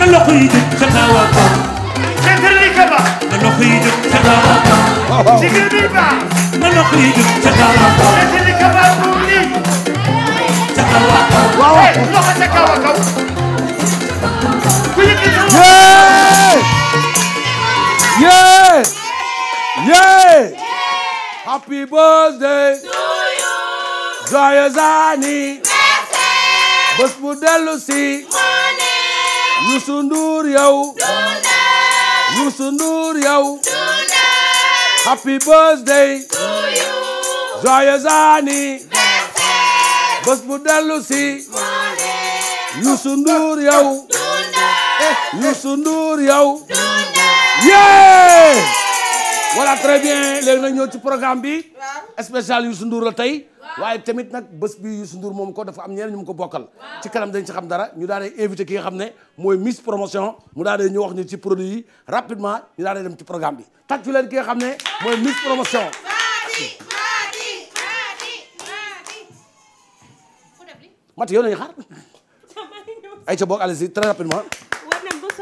na loxo yi jóg ca kaw a kaw. xeetal li ka ba. na loxo yi jóg ca kaw a kaw. jigéen bi ba. na loxo yi jóg ca kaw a kaw. xeetal li ka ba mu nii. ca kaw a kaw. waaw loxo ca kaw a kaw. ku yëg yee yee yee. happy birthday. to you. joyeux anniversaire. bés bu dellu si. Youssou Ndour yow. Today. Youssou Ndour yow. Today. Happy birthday. To you. Joyeux anniversaire. Bés bu dellu si. Money. Youssou Ndour yow. Eh, voilà très bien léegi nag ñëw ci programme bi spécial Youssou Ndour la tey waaye tamit nag bés bi Youssou moom ko dafa am ñeneen ñu mu ko bokkal ci kanam dañ ci xam dara ñu daal di invité ki nga xam ne mooy Miss Promotion mu daal di wax ñu ci produit yi rapidement ñu daal di dem ci programme bi tàccu leen ki nga ne mooy Miss Promotion mati yow nañu xaar ay ca boog allez-y rapidement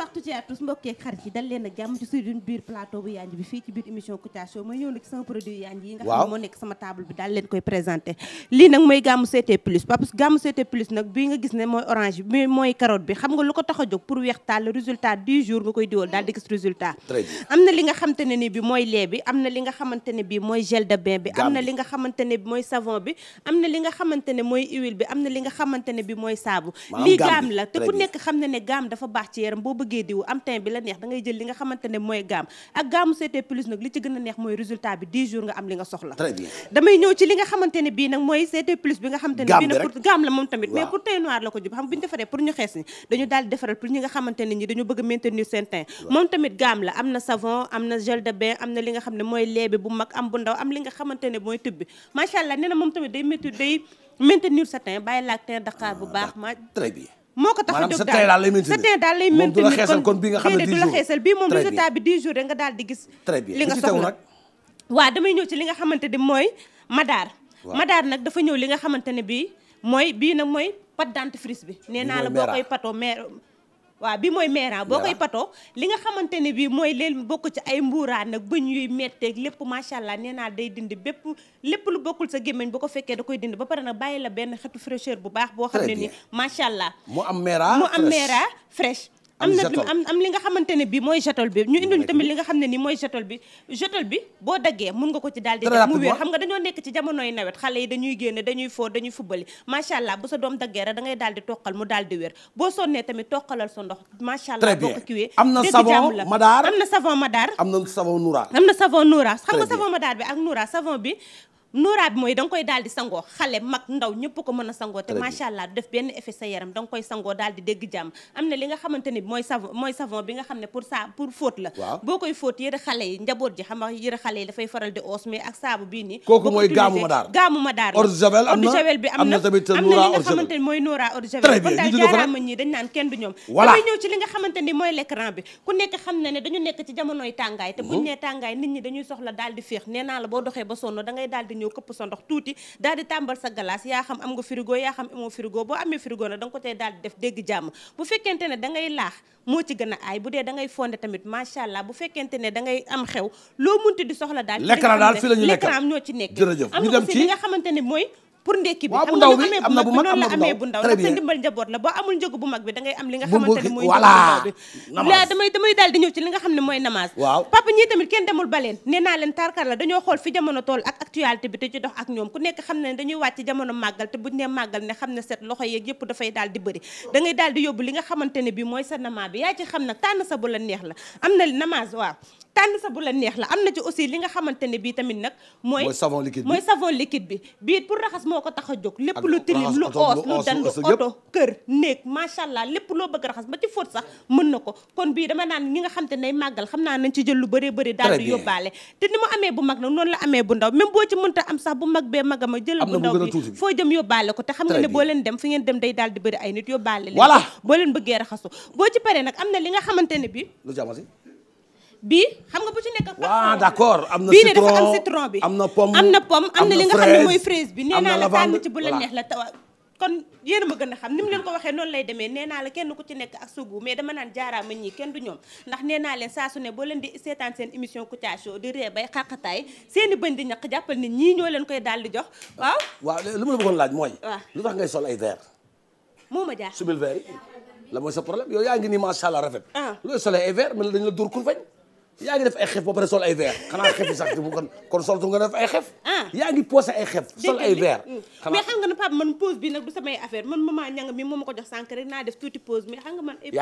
waxtu ci tous mbokk xarit yi dal leen ak jàmm ci suñu biir plateau bu yanj bi fii ci biir émission Kouthia Show mooy ñëw nag sama produit yanj yi nga xam moo nekk sama table bi daal leen koy présenté lii nag mooy gàmmu CT plus parce que gàmmu CT plus nag bii nga gis ne mooy orange bi mooy carotte bi xam nga lu ko tax a jóg pour weex tàll résultat du jour nga koy diwal daal di gis résultat am na li nga xamante ne bi mooy lait bi bëggee am teint bi la neex da jël li nga xamante mooy gaam ak gaamu CT plus nag li ci gën a neex mooy résultat bi 10 jours nga am li nga soxla damay ñëw ci li nga xamante ne nag mooy CT plus bi nga xamante gaam la moom tamit mais pour teint noir la ko jub xam bu ñu defaree pour ñu xees ni dañu daal defaral pour ñi nga xamante ñi dañu bëgg maintenir seen teint moom tamit gaam la am na savon am na gel de bain am na li nga xam ne mooy lait moo ko tax a jóg daal sa teint daal lay maintenir moom du la xeesal kon bii nga xam ne 10 jours nga daal di gis li nga soxla waaw damay ñëw ci li nga xamante ne mooy madaar madaar nag dafa ñëw li nga xamante ne bii mooy bii nag mooy pâte dentifrice bi nee naa la boo koy patoo mère waaw bi mooy meera boo koy pato li nga xamante ni bii mooy leen bokk ci ay mbuuraan nag bëñ yuy metteeg lépp macha allah nee naa day dindi bépp lépp lu bokkul sa gémmiñ bu ko fekkee da koy dindi ba pare nag bàyyi la benn xetu fraîcheur bu baax boo xam ne ni macha allah mu am meera mu am am na am li nga xamante ne bi mooy jetol bi ñu indil tamit li nga xam ne ni mooy jetol bi jetol bi boo daggee mun nga ko ci daal di def mu wér xam nga dañoo nekk ci jamonoy nawet xale yi dañuy génn dañuy foo dañuy fubali macha allah bu sa doom daggee rek dangay ngay daal di toqal mu daal di wér boo sonnee tamit toqalal sa ndox macha allah boo ko kiwee am na savon madaar am na savon madaar am na savon noura am na savon noura xam nga savon madaar bi ak noura savon bi nooraa bi mooy da nga koy daal di sangoo xale mag ndaw ñëpp ko mën a sangoo te macha allah du def benn effet sa yaram da nga koy sangoo daal di dégg jàmm am na li nga xamante mooy savon mooy bi nga xam ne pour sa pour fóot la boo koy fóot yëre xale yi njaboot ji xam nga yëre xale yi dafay am na eau de javel bi am na tamit am na li nga xamante ni mooy nooraa nekk xam na ne dañu nekk ci jamonoy tàngaay te buñ mhm. nee tàngaay këpp sa ndox tuuti daal di tàmbal sa glace yaa xam am nga frigo yaa xam amoo frigo boo amee frigo nag da nga ko tey daal di def dégg jàmm bu fekkente ne da ngay laax moo ci gën a aay bu dee da fonde tamit macha allah bu fekkente ne da am xew loo munti di soxla daal l'écran daal fi la ñu nekk l'écran ñoo ci nekk jërëjëf ñu dem ci li nga xamante ne mooy pour ndekki bi waaw bu ndaw bi am na bu mag am na bu ndaw bu ndaw ndimbal njaboot la boo amul njëgu bu mag bi da am li nga xamante ne mooy voilà laa damay damay daal li nga xam ne mooy namage waaw papa kenn demul baleen nee leen tarkar la xool fi jamono toll ak actualité bi te ci dox ak ne dañuy wàcc jamono màggal te buñ ne màggal ne xam ne set loxo yeeg yëpp dafay daal di bëri da ngay di yóbbu li nga xamante ne bi mooy sa namage bi yaa ci xam nag tànn sa bu la neex la am na namage waaw tànn sa bu la neex la am na ci aussi li nga xamante ne bii tamit nag mooy savon liquide bi mooy savon liquide bi bii pour raxas moo ko tax a jóg lépp lu tilim lu oos lu dandu oto kër néeg macha allah lépp loo bëgg raxas ba ci fóot sax mën na ko kon bii dama naan ni nga xam te ne màggal xam naa nañ ci jël lu bëree bëri daal di te ni mu amee bu mag nag noonu la amee bu ndaw même boo ci mënta am sax bu mag bee mag ama jël bu ndaw bi foo jëm yóbbaale ko te xam nga ne boo leen dem fi ngeen dem day daal di bëri ay nit yóbbaale leen voilà boo leen bëggee raxasu boo ci paree nag am na li nga xamante ne bi bii xam nga bu ci nekk. waaw d'accord am na citron bii dafa am bi am na pomme am na pomme am na li nga xam ne mooy fraise bi nee naa la tànn ci bu la neex la tawa kon yéen ma gën a xam ni mu leen ko waxee noonu lay demee nee naa la kenn ku ci nekk ak sugu mais dama naan jaaraama ñii kenn du ñoom ndax nee naa leen saa su ne boo leen di seetaan seen émission Kouthia Show di ree bay xàqataay seen i bëñ di ñaq jàppal ni ñii ñoo leen koy daal di jox waaw. waaw li ma la laaj mooy. waaw lu tax ngay sol ay ma jaar subil verre la mooy sa problème yow yaa ngi nii macha allah rafet. Ah. looy solee yaa ngi def ay xef ba pare sol ay verre xanaa xef yi sax bu kon kon sol tu nga def ay xef ah. yaa ngi posé ay xef sol ay verre mais xam nga ne papa man pause bi nag du samay affaire man maman ñanga mi moom ko jox sànq rek naa def tuuti pause mais xam nga man ay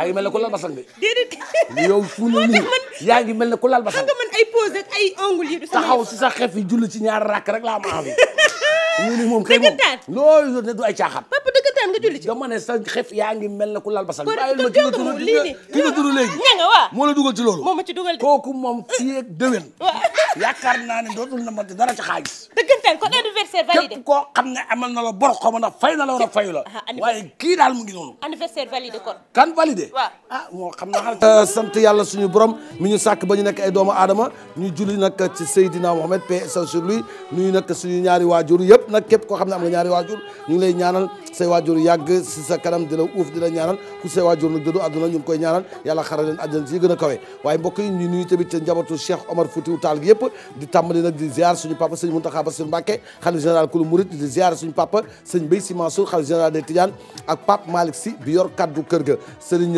pause ak ay ongle yi du sama taxaw si sa xef yi julli ci ñaar rakk rek laa am envie ñu ni moom kay moom loolu ne du ay caaxaan teel nga julli ci. dama ne sa xef yaa ngi mel na ku lal basal. bàyyil ma ki nga tudd ki nga tudd léegi. ña nga waaw moo la dugal ci loolu. moo kooku moom fii ak déwén. yaakaar naa ne dootul na mën dara ci xaalis. dëggantaan kon anniversaire xam ne amal na la bor xaw na fay na la war a fayu la. waaye kii daal mu ngi noonu. anniversaire validé kon. kan validé. Ah, moo xam naa. Euh, sant yàlla suñu borom mi ñu sak ba ñu nekk ay doomu aadama ñu julli nag ci Seydina Mohamed paix sur lui nuyu nag suñu ñaari waajur yëpp nag képp koo xam ne am waajur yàgg si sa kanam di la uuf di la ñaanal ku say waajur nag dëddu àdduna ñu ngi koy ñaanal yàlla xaral leen àjjana si gën a kawe waaye mbokk yi ñu nuyu tamit njabootu Cheikh Omar Foutiou Tall gi yëpp di tàmbali nag di ziar suñu papa sëñ Mountakha Bassirou Mbacké xalif général kulu murid di ziar suñu papa sëñ Bay Si Mansour xalif général des Tidianes ak Pape Malick Sy bi kaddu kër ga sëriñ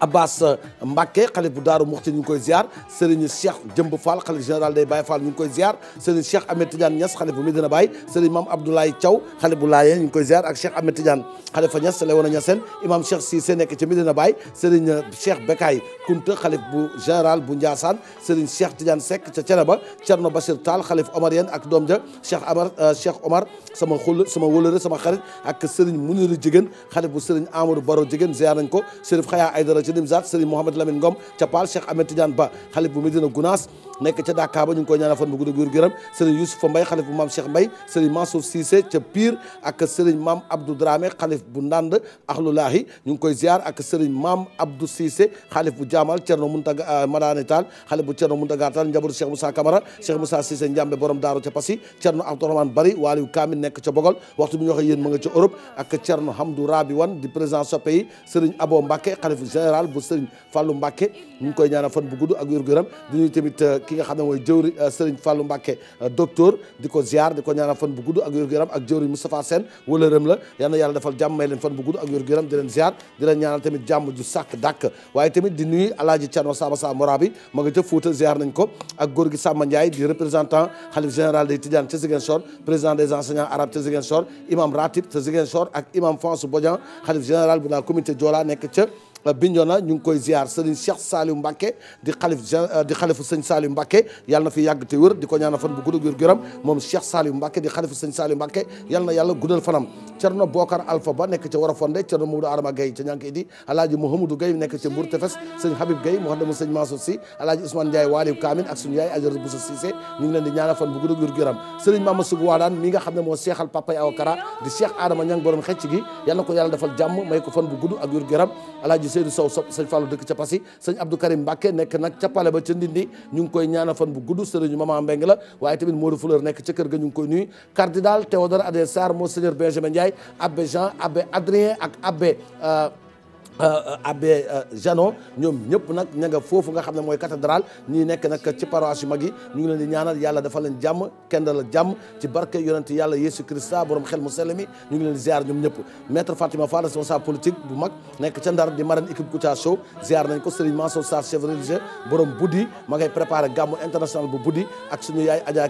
Abbas Mbacké xalif bu Daaru Muxti ñu ngi koy ziar Serigne Cheikh Jëmb Fall xalif général day Baye Fall ñu koy ziar Serigne Cheikh Ahmed Tidiane Niass xalif bu Medina Baye Serigne Mame Abdoulaye Thiaw xalif bu Laayeen ñu ngi koy ziar ak Cheikh Ahmed Tidiane xalifa Niass Léona Niassène imam Cheikh Cissé nekk ci Medina Baye Serigne Cheikh Bekay Kounta xalif bu général bu Ndiassane Serigne Cheikh Tidiane Seck ca Thiénaba Thierno Bachir Tall xalif Omarien ak doom ja Cheikh Amar euh, Cheikh Omar sama xul sama wëlëre sama xarit ak Serigne Muniru Jigéen xalif bu Serigne Amadou Baro Jigéen ziar nañ ko ca Nimzaat Serigne Mouhamed Lamine Ngom ca Paal Cheikh Ahmed Tidiane Ba xalif bu Medina Gounass nekk ca Dakar ba koy ñaanal fan bu gudd wér gërëm Serigne Youssoufa Mbaye xalif bu Mame Cheikh Mbaye Serigne Mansour Cissé ca Pire ak Serigne Mame Abdou Dramé xalif bu Ndande Ahlulahi ñu koy ziar ak Serigne Mame Abdou Cissé xalif bu Jaamal Thierno Mountaga euh, Madane Tall bu Thierno Mountaga Tall njabootu Cheikh Moussa Camara Cheikh Moussa Cissé borom daaru ca Passy Thierno Abdourahmane Bari ma nga ca Europe ak Thierno Hamdou Rabi Wane di président soppe yi Serigne Fall bu Serigne Fallou Mbacké ñu ngi koy ñaanal fan bu ak wér gu yaram di nuyu tamit euh, ki nga xam ne mooy jëwri euh, Serigne Fallou Mbacké euh, di ko ziar di ko ñaanal fan bu ak wér gu ak jëwri Moustapha Sène wala rëm la yal na defal jàmm may leen fan bu ak wér gu di leen ziar tamit jàmm ju sàkk dàkk waaye tamit di nuyu alaaji Thierno Samba Sa Morabi ma nga ca Fouta ziar nañ ko ak góor gi Samba di représentant xalif général des Tidiane ca Ziguinchor Bignona ñu ngi koy ziar Serigne Cheikh Saliou Mbacké di xalif euh, di xalifu sëñ Saliou Mbacké yàlla fi yàgg te wër di ko ñaanal fan bu gudd moom Cheikh Saliou Mbacké di xalifu sëñ Saliou ak suñu yaay Adjara Boussa Cissé ñu ngi leen di ñaanal fan bu gudd wér gëram Serigne Mama Sougou Wadane mi nga xam ne moo seexal papay Awkara di Cheikh Adama Ñang borom xecc gi yàlla na ko yàlla defal jàmm may ko fan bu gudd ak wér gëram alaaji Seydou Sow sopp sëñ Fallou dëkk ca Passy sëñ Abdou Karim Mbacké nekk nag ca Palais ba ca Ndindi koy ñaanal fan bu gudd sëriñu Maman Mbeng la waaye tamit Modou Fleur nekk ca ga ñu koy nuyu cardinal Théodore Adrien Sarr Monseigneur Benjamin Ndiaye abbé Jean abbé Adrien ak abbé euh, Euh, euh, abbé euh, Janon ñoom ñëpp nag ña foofu nga xam ne mooy cathédrale ñii nekk nag ci paroisse mag yi ñu ngi leen di ñaanal yàlla dafa jàmm kenn la jàmm ci barke yonent yàlla Yesu Christa borom xel mu sell mi ñu ngi leen di ñoom ñëpp maître Fatima Fall responsable politique bu mag nekk ca Ndar di marraine équipe Kouthia Show nañ ko Serigne Mansour Sarr chef religieux borom buddi ma préparé gàmmu international bu buddi ak suñu yaay Adja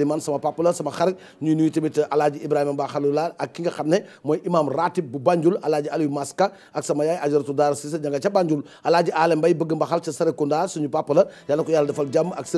Elimane sama papa la sama xarit ñuy nuyu tamit alaaji Ibrahima Ba Xalula ak ki nga xam ne mooy imam ratib bu Banjul alaaji Aliou Maska ak sama yaay ajaratu Daara Cissé ña nga ca Banjul alaaji Ale Mbay bëgg mbaxal ca Serekunda na ko yàlla defal jàmm ak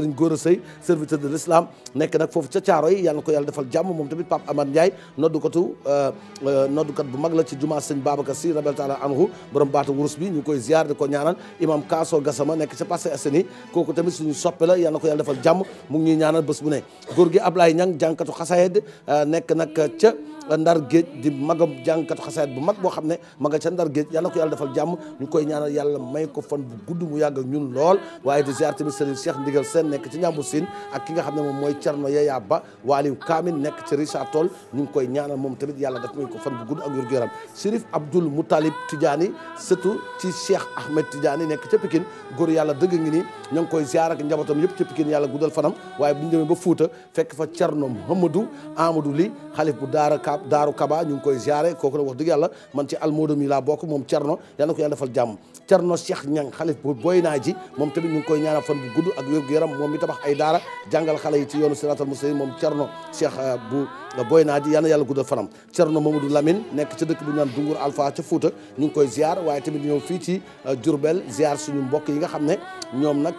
ko yàlla defal jàmm moom tamit Pape euh, euh, bu mag la ci jumaa Sëñ Babacar Si rabel taala ñu koy ziar ko ñaanal imam Kaaso Gassama nekk ca Parcelles Assainies kooku tamit suñu soppe la yàlla na ko yàlla defal jàmm mu ngi ñuy ñaanal bu ne góor gi Ablaye Niang jànkatu xasaayid euh, nekk nag ca ndar géej di magam jàngkat xasaayat bu mag boo xam ne ma nga ca ndar géej yàlla ko yàlla defal jàmm ñu koy ñaanal yàlla may ko fan bu gudd mu yàgg ak ñun lool waaye di ziar tamit Serigne Cheikh Ndigal Sène nekk ci ñàmbu moom mooy Thierno Yaya Ba Waliou Kamil nekk ci koy ñaanal moom tamit yàlla daf may ko fan bu gudd ak wér gu yaram Chérif Abdoul Moutalib Tidiane surtout ci Cheikh Ahmed Tidiane nekk ca Pikine góor yalla dëgg ngi nii ña ngi koy ziar ak njabootam yëpp ca Pikine yàlla guddal fanam waaye bu ñu demee ba Fuuta fekk fa Thierno Hamadou Amadou Daaru Kaba ñu ngi koy ziare kooku nag wax dëgg yàlla man ci almodom yi laa bokk moom Cerno yàlla na ko yàlla defal jàmm Cerno Cheikh Ñang xalif bu booy naa ji moom tamit ñu ngi koy ñaanal fan bu gudd ak wér gu yaram moom mi tabax ay daara jàngal xale yi ci yoonu siraatal mustaqim moom Cerno Cheikh euh, bu booy naa ji yàlla yàlla guddal fanam Cerno du Lamine nekk ci dëkk bu ñu naan Dungur Alpha ca Fuuta ñu ngi koy ziar waaye tamit ñëw fii ci Jurbel euh, ziar suñu mbokk yi nga xam ne ñoom nag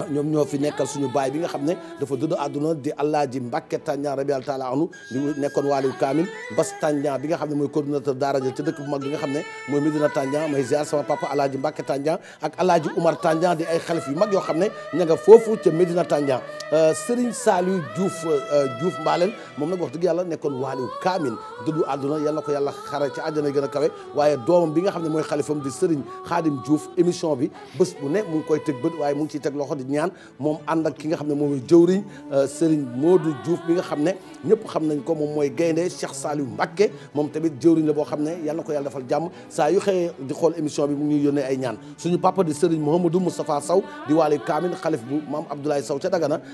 Ah, ñoom ñoo fi nekkal suñu baay bi nga xam ne dafa dëdd àdduna di Alaaji Mbàkke Tandian rabi àlla taala anu di nekkoon waaliyu kaamil Bas Tandian bi nga xam ne mooy coordinateur daara ja ca dëkk bu mag bi nga xam ne mooy Medina Tandian may ziar sama papa Alaaji Mbàkke Tandian ak Alaaji di ay xalif yu mag yoo xam ne ña nga foofu ca Medina Tandian euh, Serigne Saliou Diouf euh, Diouf Mbaaleen moom nag wax dëgg yàlla nekkoon waaliyu kaamil dëddu àdduna yal na ko yàlla xara ci àjjana gën a kawe waaye doomam bi nga xam ne mooy xalifam di Serigne Khadim Diouf émission bi bés bu ne mu ngi koy teg bët waaye mu ngi ciy teg loxo ñaan moom ànd ak ki nga xam ne moom jëwriñ euh, Serigne Modou Diouf bi nga xam ne ñëpp xam nañ ko moom mooy gaynde Cheikh Saliou Mbacké moom tamit jëwriñ la boo xam ne yàlla na ko yàlla defal jàmm saa yu xëyee di xool émission bi mu ngi yónnee ay ñaan suñu papa di Serigne Mouhamadou Moustapha Sow di waale Kaamil xalif bu maam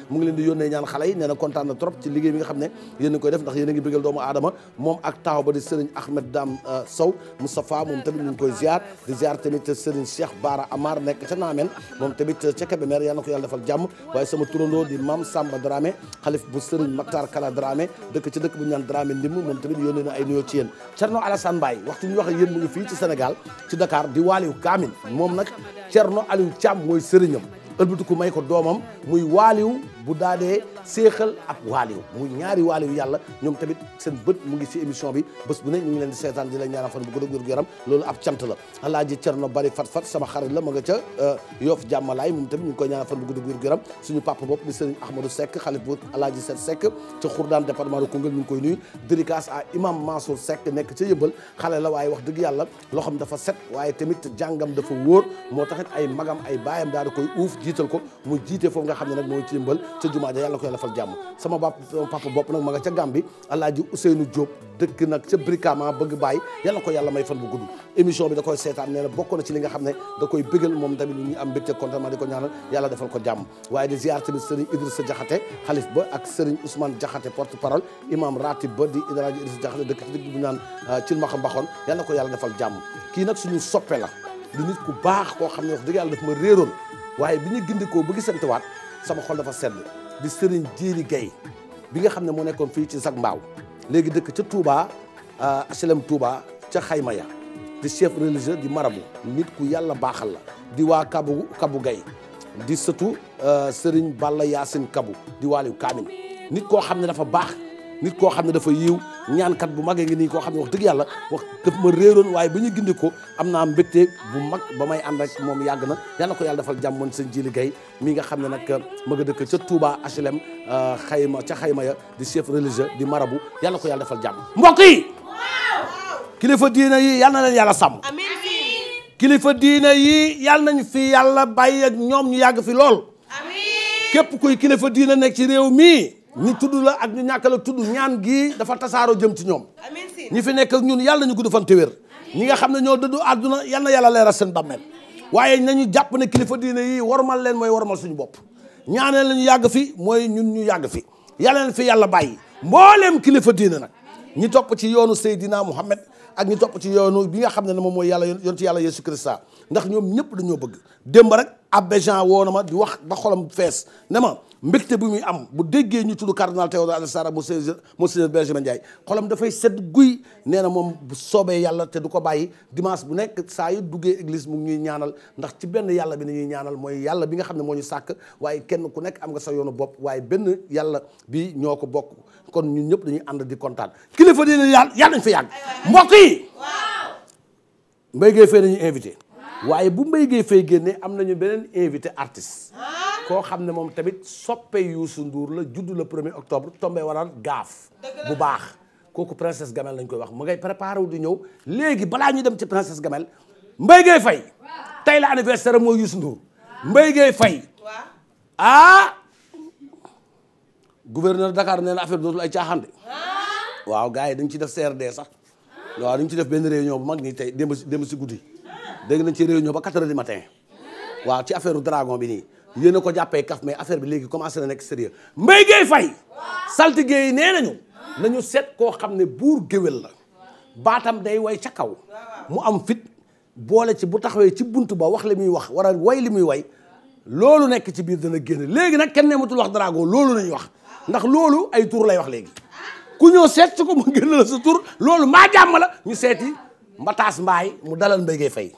mu ngi leen di yónnee ñaan xale yi nee na kontaan na trop ci liggéey bi nga xam ne yéen a koy def ndax yéen a ngi bëggal doomu aadama moom ak taaw ba di Serigne Ahmed Dame euh, Sow Moustapha moom tamit ñu ngi koy ziar di ziar tamit Serigne Cheikh Bara Amar nekk ca moom tamit ca Kébémer na ko yàlla defal jàmm waaye sama turandoo di maam Samba Dramé xalif bu Serigne Makhtar Kala Dramé dëkk ci dëkk bu ñu naan Dramé ndim moom tamit yónnee na ay nuyoo ci yéen Cerno Alassane Mbaye waxtu ñu wax ak mu ngi fii ci Sénégal ci Dakar di waaliw Kaamin moom nag Cerno Aliou Thiam mooy sëriñam ëlbatiku may ko doomam muy waaliw bu daadee séexal ab waaliw muy ñaari waaliw yàlla ñoom tamit seen bët mu ngi ci émission bi bés bu ne ñu ngi leen di seetaan di la ñaanal fan bu ko dëgg yaram loolu ab cant la alaaji cerno bari fat fat sama xarit la ma nga ca euh, yoof jàmmalaay moom tamit ñu ngi koy ñaanal fan bu ko dëgg yaram suñu papa bopp di sëriñ ahmadou seck xalif bu alaaji set seck ca xurdaan département de Koungheul ñu ngi koy nuyu dédicace à imam mansour seck nekk ca yëbal xale la waaye wax dëgg yàlla loxam dafa set waaye tamit jàngam dafa wóor moo taxit ay magam ay baayam daal di koy uuf jiital ko mu jiite foofu nga xam ne nag mooy ci yëmbal ca jumaa ja yàlla ko yàlla fal jàmm sama bap papa ko koy seetaan nee na bokk na ci li nga xam ne da koy bëggal moom tamit ñu am mbégte contentement defal ko ba ak Serigne Ousmane Diakhaté porte parole imam ratib ba di euh, Alaaji jàmm kii nag suñu soppe la nit ku baax koo xam ne wax dëgg yàlla daf ma réeroon waaye bi ñu gindikoo ba gisantewaat sama xol dafa sedd di Serigne Djily Gaye bi nga xam ne moo nekkoon fii ci Zac mbaaw léegi dëkk ca Touba euh, HLM Touba ca xayma ya di chef religieux di marabu nit ku yàlla baaxal la di waa Kabu Kabu Gaye di sëtu euh, Serigne Balla Yacine Kabu di waaliw Kaamin nit koo xam ne dafa baax nit koo xam ne dafa yiw ñaankat bu mag a ngi nii koo xam ne wax dëgg yàlla wax daf ma réeroon waaye ba ñu gindi ko am naa mbégte bu mag ba may ànd ak moom yàgg na yàlla ko yàlla defal jàmmoon sëñ Jili mi nga xam ne nag ma nga dëkk ca Touba HLM euh, xayma ca xayma ya di chef di marabu yàlla ko yàlla defal jàmm mbokk kilifa diina yi yàlla na leen yàlla sàmm kilifa diina yàlla nañ fi yàlla bàyyi ak ñoom ñu yàgg fi lool képp kuy kilifa diina nekk ci réew mi ñi tudd la ak ñu ñàkk la tudd ñaan gii dafa tasaaroo jëm ci ñoom ñi fi nekk ñun yàlla ñu gudd fan te wér ñi nga xam ne ñoo dëddu àdduna yal na yàlla leeral seen bàmmeel waaye nañu jàpp ne kilifa diine yi mal leen mooy war mal suñu bopp ñaaneel la ñu yàgg fi mooy ñun ñu yàgg fi yàlla leen yàlla bàyyi mbooleem kilifa diine nag ñi topp ci yoonu Seydina Muhammad ak ñi topp ci yoonu bi nga xam ne ne moom mooy yàlla yoon ci yàlla Yesu Christa ndax ñoom ñëpp dañoo bëgg démb rek abbé woo na di wax ba xolam fees ne ma mbégte bu muy am bu déggee ñu tudd cardinal Théodore Adrien Sarr monsieur monsieur Benjamin Ndiaye xolam dafay sedd guy nee na moom bu soobee yàlla te du ko bàyyi dimanche bu nekk saa yu duggee église mu ñuy ñaanal ndax ci benn yàlla bi ñaanal mooy yàlla bi nga xam ne moo ñu sàkk waaye kenn ku nekk am nga sa yoonu bopp waaye benn yàlla bi ñoo ko bokk kon ñun ñëpp dañuy ànd di kontaan kilifa dina yàlla yàlla nañ fa yàgg mbokk yi. waaw nañu invité. waaye bu Mbaye Gueye Faye génnee am nañu beneen invité artiste ah. koo xam ne moom tamit soppe Youssou Ndour la juddu la premier octobre tombé waral gaaf bu baax kooku princesse Gamel lañ koy wax mu ngay préparé wu di ñëw léegi balaa ñu dem ci princesse Gamel Mbaye Gueye Faye tey la anniversaire am mooy Youssou Ndour Mbaye Gueye Faye ah gouverneur Dakar nee na affaire dootul ay caaxaan de ah. waaw gaa yi dañ ci def CRD sax waaw dañ ci def benn réunion bu mag nii tey démb si démb si guddi dégg nañ ci réunion ba 4 heures matin waaw ci affaire dragon bi nii yéen ko jàppee kaf mais affaire bi léegi commencé na nekk sérieux mbay gay fay saltige yi nee nañu nañu seet koo xam ne buur géwél la baatam day way ca kaw mu am fit boole ci bu taxawee ci bunt ba wax li muy wax war a way li muy woy loolu nekk ci biir dana génn léegi nag kenn nematul wax dragon loolu nañu wax ndax loolu ay tur lay wax léegi ku ñëw seet si ko mu génn la sa tur la ñu seeti mbataas mbaay mu dalal mbay fay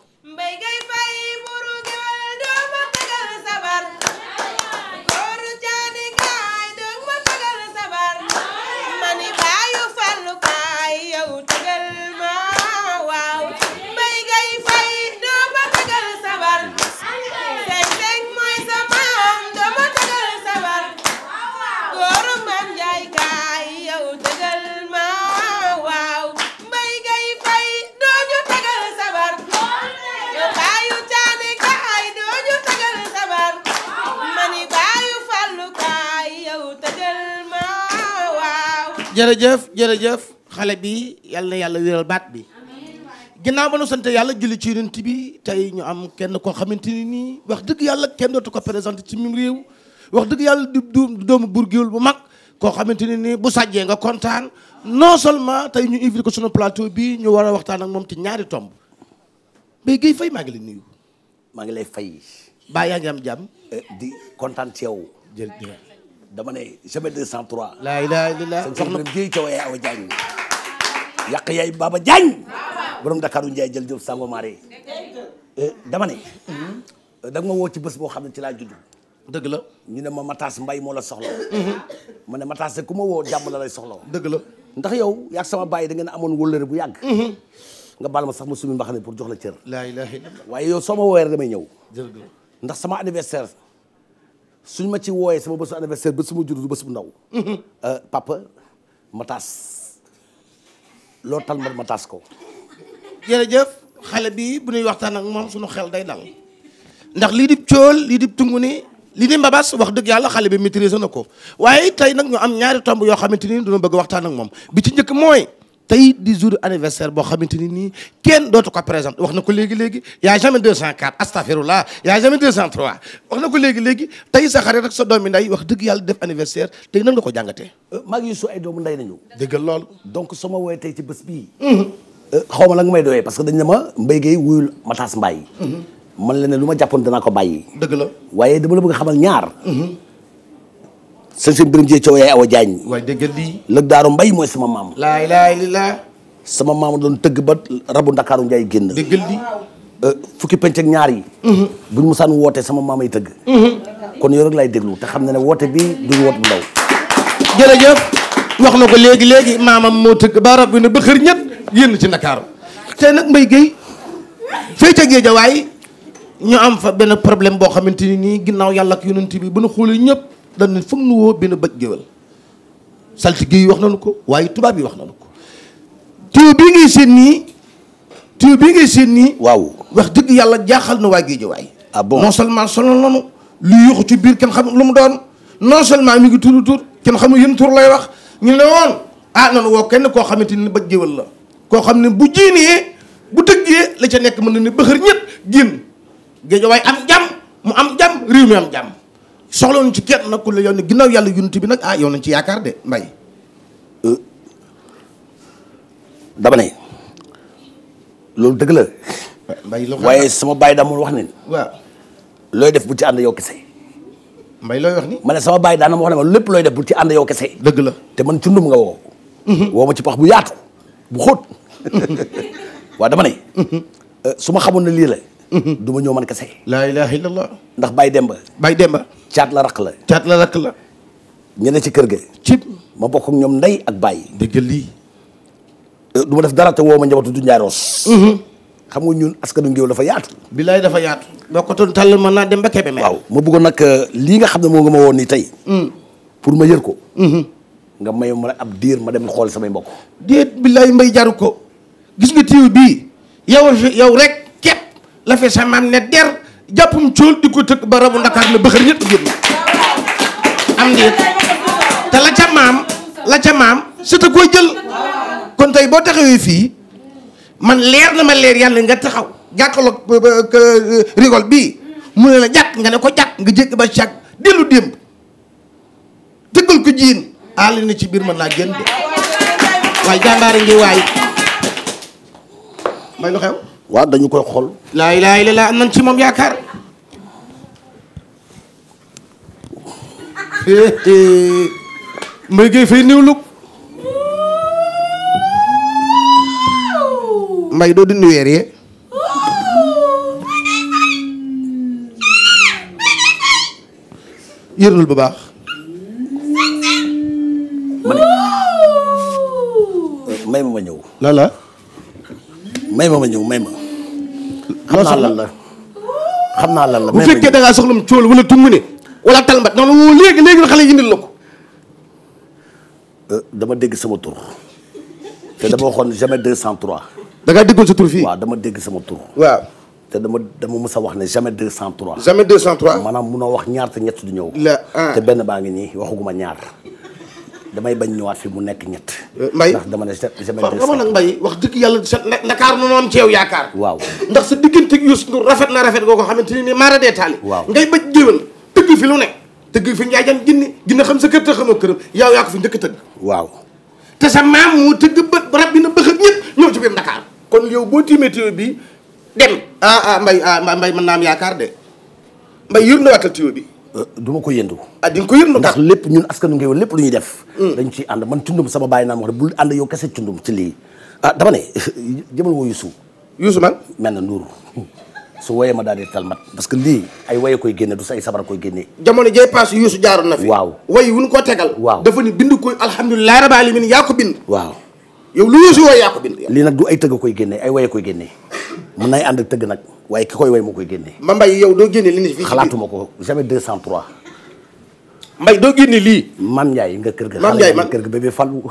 jërëjëf jërëjëf xale bi yàlla yàlla wéral baat bi ginnaaw ba nu sant yàlla julli ci yonent bi tey ñu am kenn koo xamante ni nii wax dëgg yàlla kenn dootu ko présenté ci mim réew wax dëgg yàlla di doomu buur géwél bu mag koo xamante ni nii bu sàjjee nga kontaan non seulement tey ñu invité ko sunu plateau bi ñu war a waxtaan ak moom ti ñaari tomb Mbaye Guèye Faye maa ngi lay nuyu maa ngi lay fay baa yaa ngi am jàmm eh, di kontaan ci yow jërëjëf dama ne sant 203. laa ilaha illallah soxna Ibrahima Guèye Thiaw yaay Awa Diagne yàq yaay Baba Diagne. borom Dakaru Ndiaye jël jëf Sango Maré. Eh, dama ne. ma woo ci bës boo xam ne ci laa judd. dëgg la ñu ne ma Matas mbay moo la soxla. ma ne Matas ku ma woo jàmm la lay soxla. dëgg la ndax yow yaa sama baay da ngeen amoon wóllëre bu yàgg. nga baal ma sax ma sumi mbaxane pour jox la cër. la waaye yow soo ma woowee damay ñëw. ndax sama anniversaire. suñ ma ci wooyee sama bésu anniversaire ba suma jur du bés bu naw euh, papa matas taas loolu tal ma taas ko jërëjëf xale bi bu ñuy waxtaan ak moom suñu xel day dal ndax lii di cool lii di tungu ni lii di mbabas wax dëgg yàlla xale bi maîtrise na ko waaye tey nag ñu am ñaari tomb yoo xamante ni dañu bëgg waxtaan ak moom bi ci njëkk mooy tey di jour anniversaire boo xamante ni nii kenn dootu ko présente wax na ko léegi léegi yaa jamais 204 astafirullah yaa jamais 203 wax na ko léegi léegi tey sa xarit rek sa doomi nday wax dëgg yàlla def anniversaire tey nan nga ko jàngatee. Euh, maa ngi su ay na nday nañu. dëgg lool donc sama woowee tey ci bés bii. Mhm. Euh, xaw ma la nga may parce que dañ ne ma Mbaye Gueye wuyul Matas Mbaye. Mhm. man la ne lu ma jàppoon danaa ko bàyyi. dëgg la waaye dama la bëgg xamal ñaar. Mhm. sëñ sëñ Birame Dieng Thiaw yaay Awa Diagne. waay dégg lii. lëg daaru mbay mooy sama maam. laa ilaaha illallaah. sama maam doon tëgg ba rabu Ndakaaru Ndiaye génn. dégg lii. Euh, fukki penc ak ñaar yi. Mhm. buñ musaan wootee sama maam ay tëgg. Mhm. kon yow rek laay déglu te xam na ne woote bii du woot bu ndaw. jërëjëf wax na ko léegi léegi maamam moo tëgg ba rab bi ne ba xër ñett génn ci Ndakaaru te nag Mbaye Guèye fee ca Géejawaay ñu am fa benn problème boo xamante ni nii ginnaaw yàlla dañ ne foog nu woo benn bëj géwél saltige yi wax nañu ko waaye tubaab yi wax nañu ko tiw bii ngay seen nii tiw bii ngay seen nii waaw wax dëgg yàlla jaaxal na waa Géejawaay ah bon non seulement sonal nañu lu yuxu ci biir kenn xam lu mu doon non seulement mi ngi tudd tur kenn xamul yéen tur lay wax ñu ne woon ah nanu woo kenn koo xamante ni bëj géwél la koo xam ne bu jiinee bu tëggee la ca nekk mën na ne bëxër ñett génn Géejawaay am jàmm mu am jàmm réew mi am jàmm soxloon ci kenn nag ku la yow ne ginnaaw yàlla yunit bi nag ah yoona nañ ci yaakaar de mbay euh, loolu dëgg la mbay loo waaye sama bàyyi daa moon wax ne waaw looy def bu ci ànd yow kese mbay ni ma ne sama baay daana ma wax ne ma lépp looy def bu ci ànd yow kese dëgg la te man cundum nga woo mhm. woo ma ci pax bu yaatu bu xóot waaw dama mhm. euh, su ma xamoon ne lii la du ma ñëw man kese. laa ilaha illallah. ndax Baye Demba. Baye Demba. caat la rakk la. caat la rakk la. ñu ne ci kër ga. ci ma bokk ak ñoom ndey ak Baye. dëgg lii. Euh, du ma def dara te woo ma njabootu du Ndiaroos. Mhm. xam nga ñun askanu Ngéwél dafa yaatu. bilaay dafa yaatu. boo ko doon tàll mën naa dem ba Kébémer. waaw ma bëggoon nag euh, lii nga xam ne moo nga ma woon nii tey. Mhm. pour ma yër ko. Mhm. nga may ma ab diir ma dem xool samay mbokk. déet bilaay mbay jaru ko gis nga tiw bii yow yow rek. la fi sa maam ne der jàppum cool di ko tëgg ba rabu ndakaar la bëxër ñëpp génn am déet te la ca maam la ca maam sëta koy jël kon tey boo taxawee fii man leer na ma leer yàlla nga taxaw jàkkaarloog euh, euh, euh, rigol bi mu ne la jàkk nga ne ko jàkk nga jékk ba càkk dellu démb tëggal ko jiin aali na ci biir mën naa génn de waaye jàmbaari ngi waay waaw dañu koy xool. laa ilaaha am nañ ci moom yaakaar. Mbaye Gueye Faye néewlu. Mbaye doo dindi weer yee. yërnul bu baax. may ma ma ñëw. may ma ma ñëw may ma. loolu xam na lan la xam naa lan la. bu fekkee da ngaa soxla mu cóol wala tummune wala talmbat noonu woo léegi léegi xale yi indil la ko. Euh, dama dégg sama tur. te dama waxoon jamais 203. da ngaa déggoon sa tur fii. waaw dégg sama tur. waaw. te dama dama mës a wax ne jamais 203. jamais 203. maanaam munoo wax ñaar te ñett du ñëw. la ah. benn baa ngi nii waxaguma ñaar. damay bañ ñëwaat fi mu nekk ñett. Euh, Mbaye ndax dama ne jamais. waaw xam nga nag Mbaye wax dëgg yàlla sa Ndakaaru noonu am ci yow yaakaar. waaw ndax sa diggante ak Youssou Ndour rafet na rafet goo ko xamante ne nii maara dee taali. waaw ngay bëj géwél tëgg fi lu nekk tëgg fi Ndiadiane Gine gina xam sa kër te xamoo këram yow yaa ko fi njëkk tëgg. waaw te sa maam mu tëgg ba rab bi na bëx ak ñëpp ñëw ci biir Ndakaar. kon yow boo tiimee tuyoo bi dem. ah ah Mbaye ah Mbaye mën yaakaar de Mbaye yëg na waatal tuyoo bi du ma ko yëndu. ah di nga ko yëndu ndax lépp ñun askanu ngay lépp lu ñuy def. Hmm. dañ ciy ànd man tundum sama baay naa ma wax bul ànd yow kese tundum ci lii ah dama ne jëmal woo Youssou. Youssou man mel na Ndour su woyee ma daal di talmat parce que lii ay woye koy génne du sa ay sabar koy génne. jamono jay paas Youssou jaaroon na fi. waaw woy wuñ koo tegal. waaw dafa ni bind ko alhamdulilah rabbil alamin yaa ko bind. waaw yow lu Youssou woy yaa ko bind. lii nag du ay tëgg koy génne ay woye koy génne mun nay ànd tëgg nag. waaye ki koy way moo koy génne. ma mbay yow doo génne li ni fii xalaatuma ko jamais 203. mbay doo génne lii. Mame Ndiaye nga kër ga. Mame Ndiaye man kër ga bébé Fallou.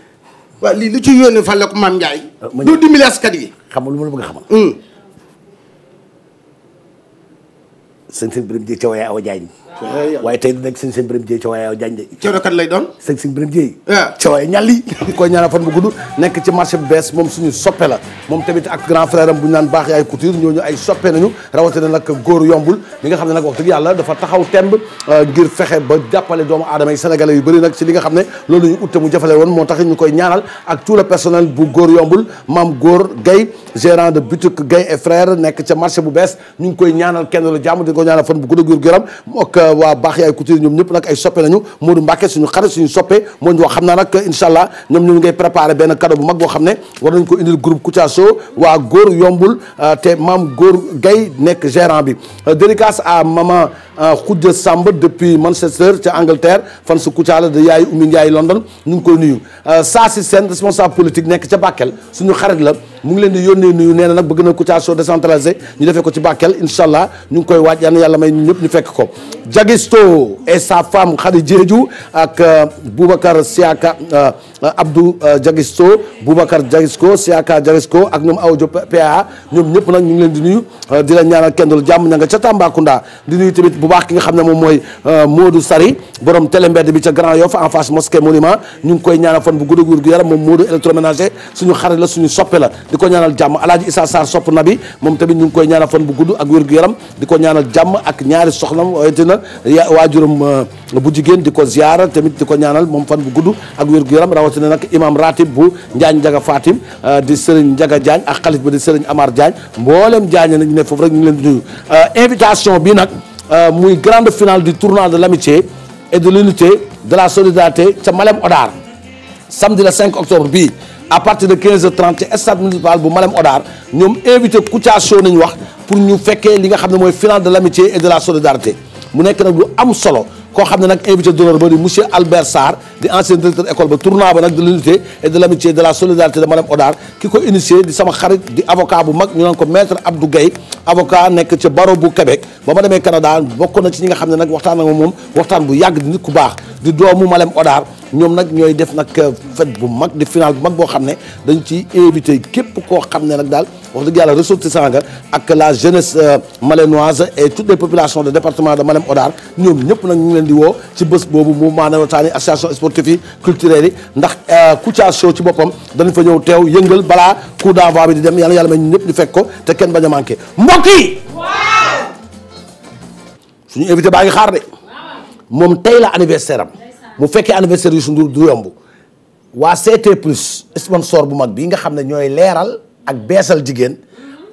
waaw lii lu ci yónnee Fallou ak Mame Ndiaye. Euh, ma ñëw doo dimbali askan yi. xam lu ma la bëgg a xamal. Hmm. sëñ sëñ bi di ca waye awa Diagne. waaye tey nag sëñ sëñ Birame Dieye ca waaye aw koy ñaanal fan bu gudd nekk ci marché bu bees moom suñu soppe la moom tamit ak grand frère am bu ñu naan baax yaay couture ñooñu ay soppe nañu rawatina nag góor yombul mi nga xam ne nag wax dëgg yàlla dafa taxaw temb euh, ngir fexe ba jàppale doomu aadama yu bëri nag li nga xam ne loolu ñu moo ñu koy ñaanal ak tout le personnel bu góor yombul maam góor Gaye gérant de boutique Gaye et frère nekk ca marché bu bees ñu ngi koy ñaanal kenn la jàmm di ko ñaanal fan bu gudd ak wér gu yaram waa baax yaay couture ñoom ñëpp nag ay soppe nañu Modou Mbacké suñu xarit suñu soppe moo ñu wax xam naa nag incha allah ñoom ñu ngay préparé benn cadeau bu mag boo xam ne war nañ ko indil groupe Kouthia waa góor yombul euh, te maam góor gay nekk gerant bi euh, dédicace a maman euh, Khoudia Samb depuis Manchester ca Angleterre fan su Kouthia la de yaay Oumy Ndiaye London ñu ngi koy nuyu Sassi Sène responsable politique nekk ca Bakel suñu xarit la mu ngi leen di yónnee nuyu nee na nag bëgg na Kouthia Show décentralisé ñu defee ko ci Bakel incha ñu ngi koy waaj yal na yàlla may ñun ñëpp ñu fekk ko Jagisto et sa femme Khady Diédhiou ak euh, Boubacar Siaka euh, Abdou euh, Jagisto Boubacar Jagisko Siaka Jagisko ak ñoom Aojo PA ñoom ñëpp nag ñu ngi leen di nuyu di la ñaanal kendul jàmm ña nga ca Tambacounda di nuyu tamit bu baax ki nga xam ne moom mooy Modou Sari borom télé mbedd bi ca Grand Yoff en face mosquée monument ñu bu gudd a gudd gu yaram moom Modou suñu xarit la suñu soppe la di ko ñaanal jàmm alaaji Issa Sarr sopp na bi moom tamit ñu ngi koy ñaanal fan bu gudd ak wér-gu-yaram di ko ñaanal jàmm ak ñaari soxnam wayte na waajuram euh, bu jigéen di ko ziara tamit di ko ñaanal moom fan bu gudd ak wér-gu-yaram rawatina nag imam ratib bu Njaañ Njaga faatim euh, di sëriñ Njaga Jaañ ak xalif ba di sëriñ Amar Jaañ mbooleem Jaañ nañu ne foofu rek ñu ngi leen ñu nuyu euh, invitation bi nag muy grande finale du tournoi de l'amitié et de l'unité de la solidarité ca Malem Odar samedi le 5 octobre bii à partir de 15h30 ci stade municipal bu Malem Odar ñoom invité Kouthia Show nañu wax pour ñu fekkee li nga xam ne mooy finale de l'amitié et de la solidarité mu nekk nag lu am solo koo xam ne nag invité d'honneur ba di monsieur Albert Sarr di ancien directeur école ba tournoi ba nag de l'unité et de l'amitié de la solidarité de madame Odar ki ko initié di sama xarit di avocat bu mag ñu naan ko maître Abdou Guèye avocat nekk ca barreau bu Québec ba ma demee Canada bokk na ci ñi nga xam ne nag waxtaan ak moom waxtaan bu yàgg di nit ku baax di doomu Malem Odar ñoom nag ñooy def nag fête bu mag di final bu mag boo xam ne dañ ci invité képp koo xam ne nag daal wax dëgg yàlla ressortissant nga ak la jeunesse euh, malenoise et toutes les populations de département de Malem Hodar ñoom ñëpp nag ñu ngi leen di woo ci bés boobu mouvement nawetaan yi association sportive yi culturelle yi ndax euh, Kouthia Show ci boppam dañ fa ñëw teew yëngal balaa coup d'envoi bi di dem yàlla yàlla may ñun ñëpp ñu fekk ko te kenn bañ a manqué mbokk yi. suñu invité baa ngi xaar de moom tey la anniversaire am mu fekkee anniversaire Youssou Ndour du yomb waa CT plus sponsor bu mag bii nga xam ne ñooy leeral. ak beesal jigéen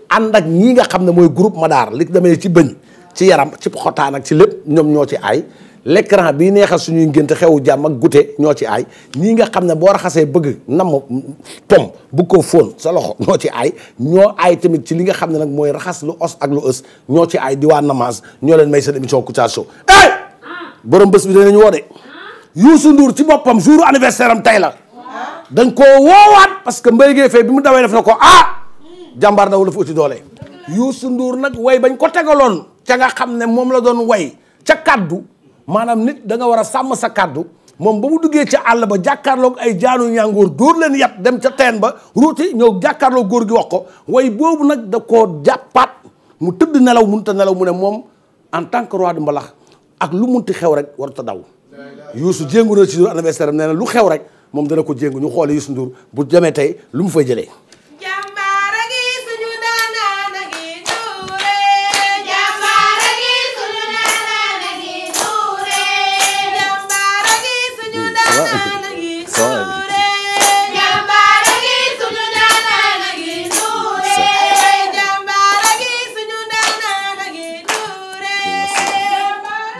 ànd ak ñii nga xam ne mooy groupe Madaar li demee ci bëñ ci yaram ci xotaan ak ci lépp ñoom ñoo ci ay l'écran bi neexal suñuy ngénte xewu jàmm ak gute ñoo ci ay ñii nga xam ne boo raxasee bëgg nam pom bu ko fóon sa loxo ñoo ci aay ñoo aay tamit ci li nga xam ne nag mooy raxas lu os ak lu ës ñoo ci ay di waa ñoo leen may seen émission Kouthia Show eh! ah. borom bés bi danañu woo de ah. Youssou Ndour ci boppam jour anniversaire am tey la dañ koo woowaat parce que mbay Gueye Faye bi mu dawee def na ko ah jàmbaar daw la fa uti doole. Youssou Ndour nag way bañ ko tegaloon ca nga xam ne moom la doon way ca kaddu maanaam nit da nga war a sàmm sa kàddu moom ba mu duggee ca àll ba jàkkaarloog ay jaanu ñàngoor dóor leen yat dem ca teen ba ruuti ñëw jàkkaarloo góor gi wax ko way boobu nag da koo jàppaat mu tëdd nelaw mënut a nelaw mu ne moom en tant que roi mbalax ak lu munti xew rek warut a daw. Youssou jéngu na ci anniversaire am lu xew rek. moom dana ko jéng ñu xoole Youssou Ndour bu demee tey lu mu fay jëlee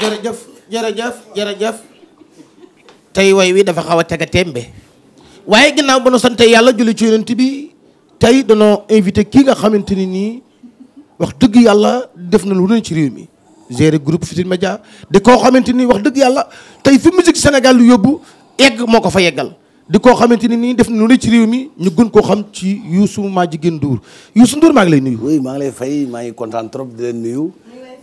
jërëjëf jërëjëf jërëjëf tey way wii dafa xaw a tega tembe waaye ginnaaw ba sante yàlla julli ci yonent bi tey danoo invité kii nga xamante ni nii wax dëgg yàlla def na lu ne ci réew mi gérer group Futurs Médias di koo xamante ni wax dëgg yàlla tey fi musique Sénégal lu yóbbu egg moo ko fa yeggal di koo xamante ni nii def na lu ne ci réew mi ñu gën koo xam ci Youssou maa jigéen Ndour Youssou Ndour maa ngi lay nuyu. maa ngi lay fay maa ngi kontaan trop di leen nuyu.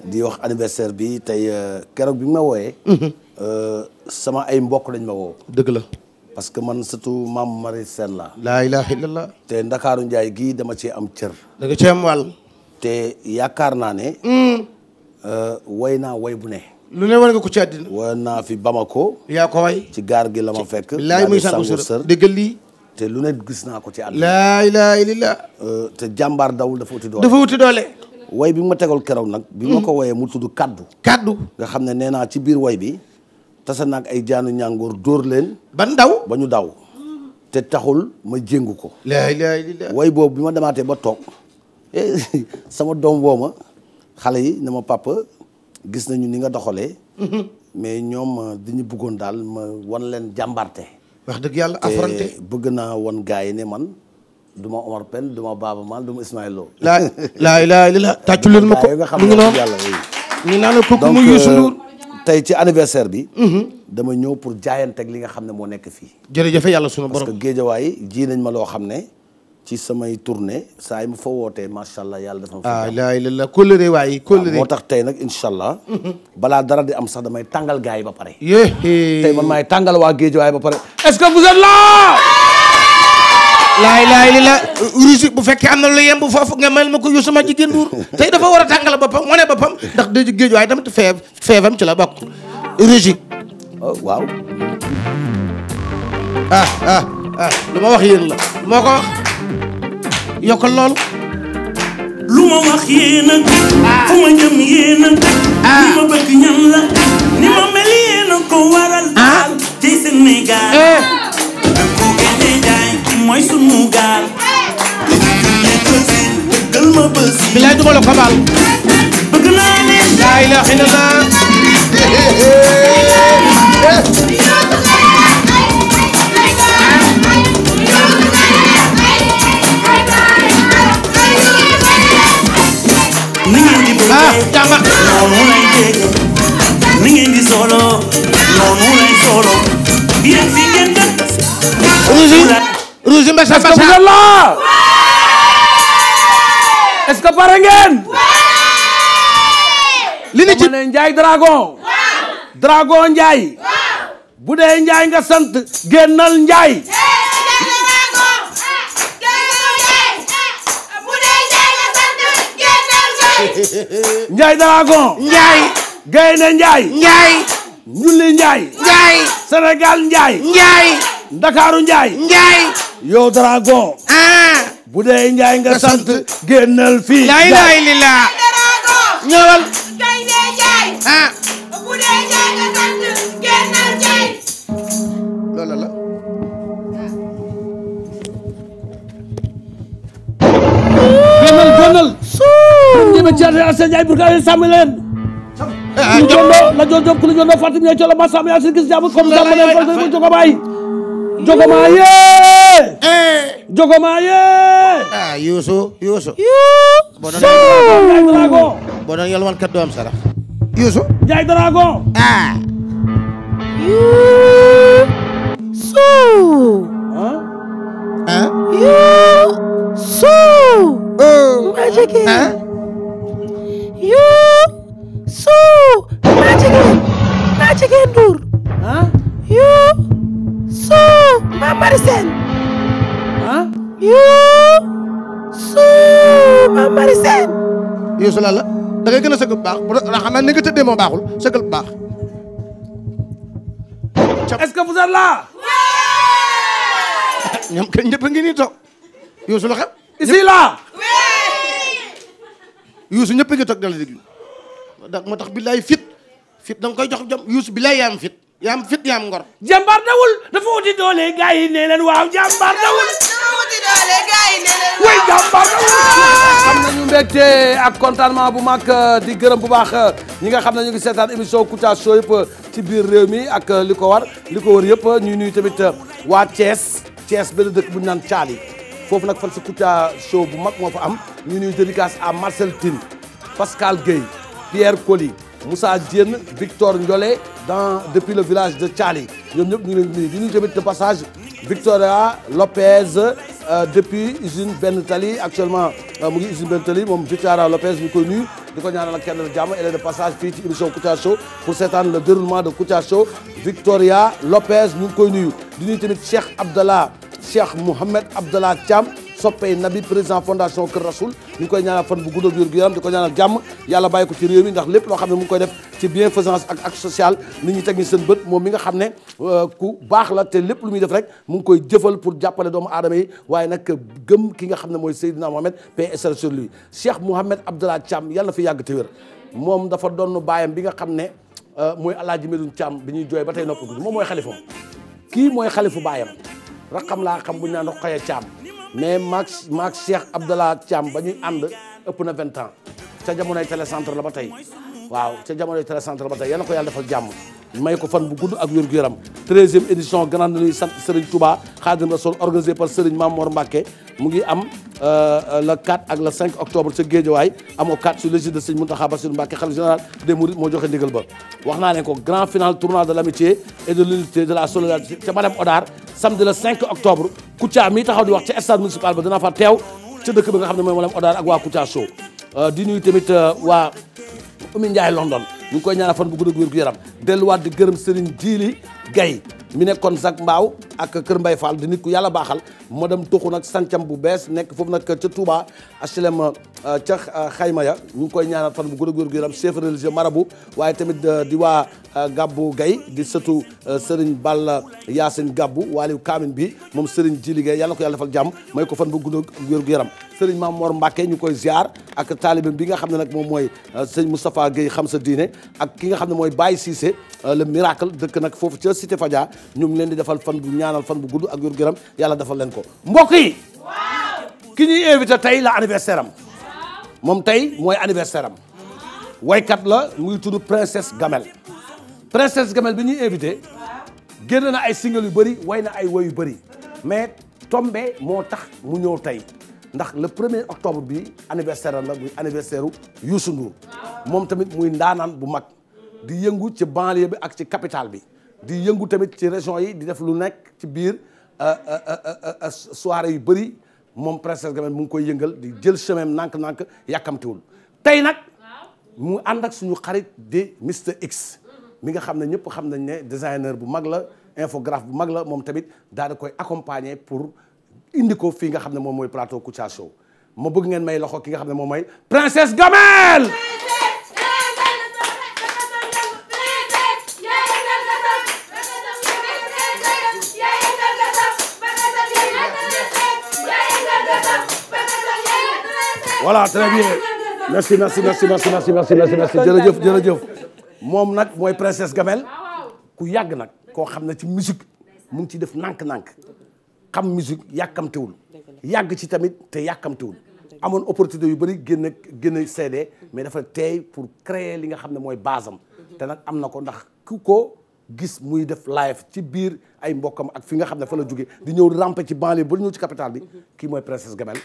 di wax anniversaire bi tey euh, keroog bi ma wooyee. Mhm. Euh, sama ay mbokk lañ ma woo. dëgg la. parce que man surtout maam Marie Sène la te Ndakaaru Njaay gii dama cee am cër. da nga cee te yaakaar naa ne. Hmm. Euh, way naa way bu ne. lu ne war nga ko ci àddina. way naa fi Bamako. yaa ko way ci gaar gi la ma fekk. laay muy sànq sër déggal te lu ne gis naa ko ci àddina. Euh, te jàmbaar dawul dafa wuti doole. dafa wuti doole. way bi ma tegal keroog nag. bi ma hmm. ko wayee mu tudd kaddu. kaddu nga xam ne nee naa ci biir way bi. tasa naag ay jaanu ñàngoor dóor leen. ba ñu daw ba ñu daw. te taxul ma jéngu ko. la way boobu bi ma demaatee ba toog eh, sama doom woo ma xale yi na ma papa gis nañu ni nga doxalee. Mhm. mais ñoom euh, dañu bëggoon daal ma wan leen jàmbarte. wax dëgg yàlla affronté bëgg naa wan gars yi ne man. duma Omar Pène duma Baaba Maal duma Ismaël Lo. laa laa ilaaha illallaah tàccu leen ma ko mu ngi noonu ñu naan kooku mu Youssou euh, Ndour tey ci anniversaire bi. dama ñëw pour jaayanteeg li nga xam ne moo nekk fii. jërëjëf yàlla sunu borom parce que géejawaay ne ci samay tournée saa yi fa wootee macha allah yàlla dafa ma. ah la la kóllëre waaye kóllëre moo tax tey nag incha allah. Mhm. balaa dara di am sax damay tàngal gars yi ba pare. tey man maay tàngal waa géejawaay ba pare. est-ce que laay laay li la rusi bu fekkee am na lu yemb foofu nga mel ma ko yusuma jigéen Ndour tey dafa war a tàngala boppam wane boppam ndax dëj géej waaye tamit feeb feebam ci la bokk rusi oh, waaw ah, ah ah lu ma wax yéen la moo ko wax yokkal loolu lu ma wax yéen a ah. fu ma jëm yéen a ah. li ma bëgg ñam la ni ma mel yéen a ko waral daal ci Sénégal eh. mooy sunu gaal. dëggal ma bës yi. bilaay du ma la ko baal. bëgg naa leen. laa ilaaha illallah. ah jàmba. noonu lay dégg ni ngeen di solo noonu lay solo. bien si ngeen def. ruusi. ruusimbe sa basa est-ce que pare ngeen li ni ci ne Njaay Dragon Dragon Njaay bu dee Njaay nga sant génnal Njaay Njaay Dragon Njaay Gaynde Njaay Njaay Njulli Njaay Njaay Sénégal Njaay Njaay Ndakaaru Njaay yow dragon. ah. bu dee Njaay nga sant. génnal fii. la ilaha illallah. ñëwal. kay dee Njaay. ah. bu dee Njaay nga sant génnal Njaay. loolu la. génnal génnal. suuf. ñu ngi ceeb Assa Ndiaye pour que sàmm leen. ah, ah. jox ko la jox jox ku la jox la Fatou Ndiaye Thiel ma sàmm yaa si gis jàmm comme sàmm leen ko jox ko bàyyi. Jogoma yee. Eh! Jogoma yee. ah Youssou Youssou. Ndiaye Drago. boo sarax. Youssou. Ndiaye Drago. ah. Youssou. ah. Youssou. Oh! ma jigéen. Youssou. suu Mame Marie Sène ah su la la gën a sëgg bu baax xam naa nga tëddee moo baaxul sëggal bu baax est-ce que vous êtes là ñoom kenn ñëpp ngi nii toog Youssou la xam ici là Youssou ñëpp ngi dala déglu da moo tax billaay fit fit da koy jox jom Youssou billaay yaa am fit yaam fit yaam ngor. jàmbaar dawul dafa wuti doole gars yi ne leen waaw jàmbaar dawul. dafa wuti doole gars yi ne leen waaw jàmbaar dawul. am nañu mbégte ak contentement bu mag di gërëm bu baax ñi nga xam ne ñu ngi seetaan émission Kouthia Show yëpp ci biir réew mi ak li ko war li ko wër yëpp ñuy nuyu tamit waa Thiès Thiès benn dëkk bu ñu naan Thiali foofu nag fan si Kouthia Show bu mag moo fa am ñu nuyu dédicace à Marcel Tine Pascal Gueye Pierre Coly. Moussa Diène Victor Ndiolé dans depuis le village de Thiali ñoom ñëpp ñu ngi leen di nuyu di nuyu tamit de passage Victoria Lopez euh, depuis usine Benn Tali actuellement euh, mu ngi usine Benn Tali moom Victoria Lopez ñu koy nuyu di ko ñaanal la kenn jàmm est de passage fii ci émission Kouthia Show pour seetaan le déroulement de Kouthia Show Victoria Lopez ñu ngi koy nuyu di nuyu tamit Cheikh Abdallah Cheikh Mouhamed Abdallah Thiam. soppee nabi président fondation Kër Rasoul ñu ngi koy ñaanal fan bu gudd ak wér di ko ñaanal jàmm yàlla bàyyi ko ci réew ndax lépp loo xam ne mu ngi koy def ci bienfaisance ak ak social nit ñi teg ñu seen bët moom mi nga xam ne euh, ku baax la te lépp lu muy def rek mu ngi koy jëfal pour jàppale doomu aadama yi waaye nag gëm ki nga xam ne mooy Seydina Mohamed paix sur lui Cheikh Mouhamed Abdallah Thiam yàlla fi yàgg te wér moom dafa doon baayam bi nga xam ne euh, mooy Alaaji Medoun Thiam bi ñuy jooy ba tey noppi moom mooy xalifam kii mooy xalifu baayam rakkam laa xam bu naan Rokhaya Thiam mais maag maag Cheikh Abdallah Thiam ba ñuy ànd ëpp na vingt ans ca jamonoy télécentre la ba tey waaw ca jamonoy télécentre la ba tey yal na ko yàlla defal jàmm may ko fan bu gudd ak wér gu yaram 13e édition grande nuit sant Serigne Touba Khadim Rassoul organisé par Serigne Mamor Mbacké mu ngi am euh, euh, le 4 ak le 5 octobre sa Guédiawaye amoo 4 sur l'égide de Serigne Mountakha Bassirou Mbacké khalife général des mourides moo joxe ndigal ba wax grand final tournoi de l'amitié et de l'unité de la solidarité ca Madame Odar samedi le octobre Kouthia mii taxaw di wax ci stade municipal ba dana fa teew ca dëkk bi nga xam ne mooy Oumy Ndiaye London mu ngi koy ñaanal fan bu gudd ak wér gu yaram delluwaat di gërëm Serigne Djili Gaye mi nekkoon Zac Mbaaw ak Kër Mbay Fall di nit ku yàlla baaxal moo dem tuxu nag sancam bu bees nekk foofu nag ca Touba HLM Euh, ca euh, xayma ya ñu koy ñaanal fan bu gën a góor gu yaram mara bu waaye tamit euh, di waa gàbbu Gay di sëtu Serigne Balla Yacine gàbbu waaliw Kaamin bi moom Serigne Jili Gay yàlla ko yàlla defal jàmm may ko fan bu gën a góor gu yaram ñu koy ziar ak taalibe bi nga xam ne moom mooy sëñ Moustapha Guèye xam sa diine ak ki nga xam ne mooy Baye Cissé le miracle dëkk nag foofu ca Cité Fadia ñu ngi leen di defal fan bu ñaanal fan bu gudd ak yor gëram defal leen ko mbokk yi tey la anniversaire moom tey mooy anniversaire am waykat la muy tudd princesse Gamel princesse Gamel bi ñuy invité génn na ay single yu bëri way na ay way yu bëri mais tombé moo tax mu ñëw tey ndax la premier octobre bi anniversaire am la muy anniversaire u Youssou moom tamit muy ndaanaan bu mag di yëngu ci banlieue bi ak ci capital bi di yëngu tamit ci région yi di def lu nekk ci biir euh, euh, euh, soirée yu bëri moom princesse Gamel mu ngi koy yëngal di jël chemin nànk-nànk yàkkamtiwul tey nag mu ànd ak suñu xarit di Mister X mi nga xam ne ñëpp xam nañ ne designer bu mag la infographe bu mag la moom tamit daal koy accompagner pour indi ko fii nga xam ne moom mooy plateau Kouthia Show ma bëgg ngeen may loxo ki nga xam ne moom mooy princesse Gamel voilà très bien merci merci merci merci merci merci merci merci jërëjëf jërëjëf moom nag mooy princesse Gamel ku yàgg nag koo xam ne ci musique mu ngi ci def nànk-nànk xam musique yàkkamtewul yàgg ci tamit te yàkkamtewul amoon opportunité yu bëri génn génn CD mais dafa teey pour créer li nga xam ne mooy base te nag am na ko ndax ku ko gis muy def live ci biir ay mbokkam ak fi nga xam ne fa la jóge di ñëw rampe ci banlieue ba ñëw ci capital bi ki mooy princesse Gamel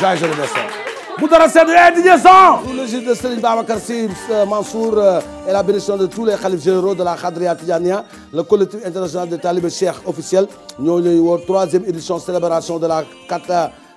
Jean Jérôme bu dara sedd eh DJ Son sous l'égide de Serigne Babacar Sy euh, Mansour euh, et la bénédiction de tous les khalifes généraux de la Khadriya Tidiania le collectif international des talibés cheikh officiel ñoo ñuy woo troisième édition célébration de la kat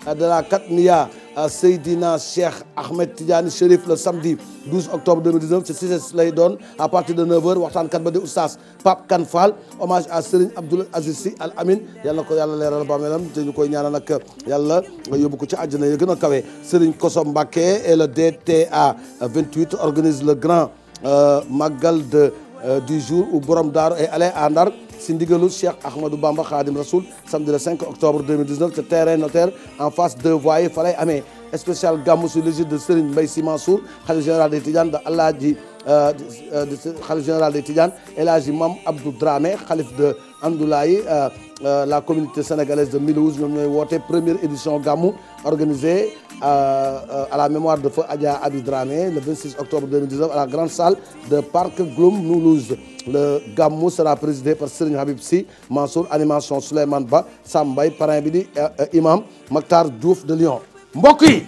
euh, de la Katmiya Seydina Cheikh Ahmed Tidiane Chérif le samedi 12 octobre 2019 ci CICES lay doon à partir de 9h waxtaankat ba di oustaz Pape Kane Fall hommage a Serigne Abdoul Aziz Sy Al Amin yàlla na ko yàlla leeral bàmmeelam te ñu koy ñaanal ak yàlla yóbbu ko ci àjjana yi gën a kawe Serigne Kosso Mbacké et le DTA 28 organise le grand euh, magal de euh, du jour où borom daaru est allé à Ndar si ndigalu Cheikh Ahmadou Bamba Khadim Rasoul samedi le 5 octobre 2019 te terrain notaire en face de voie falay amee spécial gàmmu sur l'égide de Serigne Mbaye Mansour khalife général des Tidianes de Alaaji xalif euh, euh, général des Tidianes El Hadji Mam Abdou Dramé xalif de Andoulaye euh, la communauté sénégalaise de Mulhouse woote première édition Gamou organisée à la mémoire de feu Adja Abi le 26 octobre 2019 à la grande salle de Parc Gloum Mulhouse le Gamou sera présidé par Serigne Habib Sy Mansour animation Souleymane Ba Sambay bi di imam Maktar Diouf de Lyon mbokk yi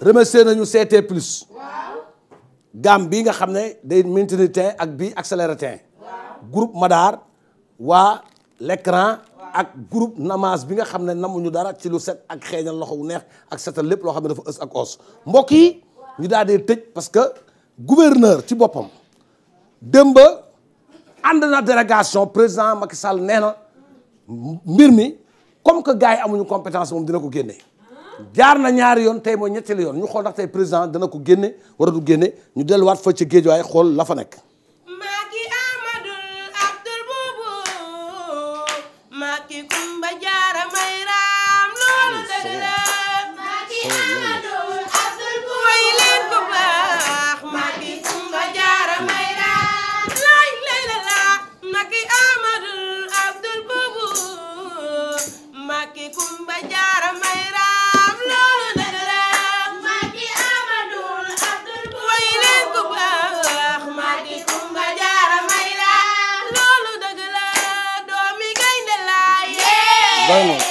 remercier nañu plus gaam bii nga xam ne day maintenir teint ak bi accéléré teint groupe Madaar waa l'écran ak groupe Namaz bi nga xam ne namuñu dara ci lu set ak xeeñal loxo wu neex ak setal lép loo xam ne dafa ës ak os mbokk yi ñu daal dee tëj parce que gouverneur ci boppam démb ànd na délégation président Macky Sall nee na mbir mi comme que gars yi amuñu compétence moom dina ko génne jaar na ñaari yoon tey mooy ñetteelu yoon ñu xool ndax tey président dana ko génne war a du génne ñu delluwaat fa ci géej waaye xool la fa nekk.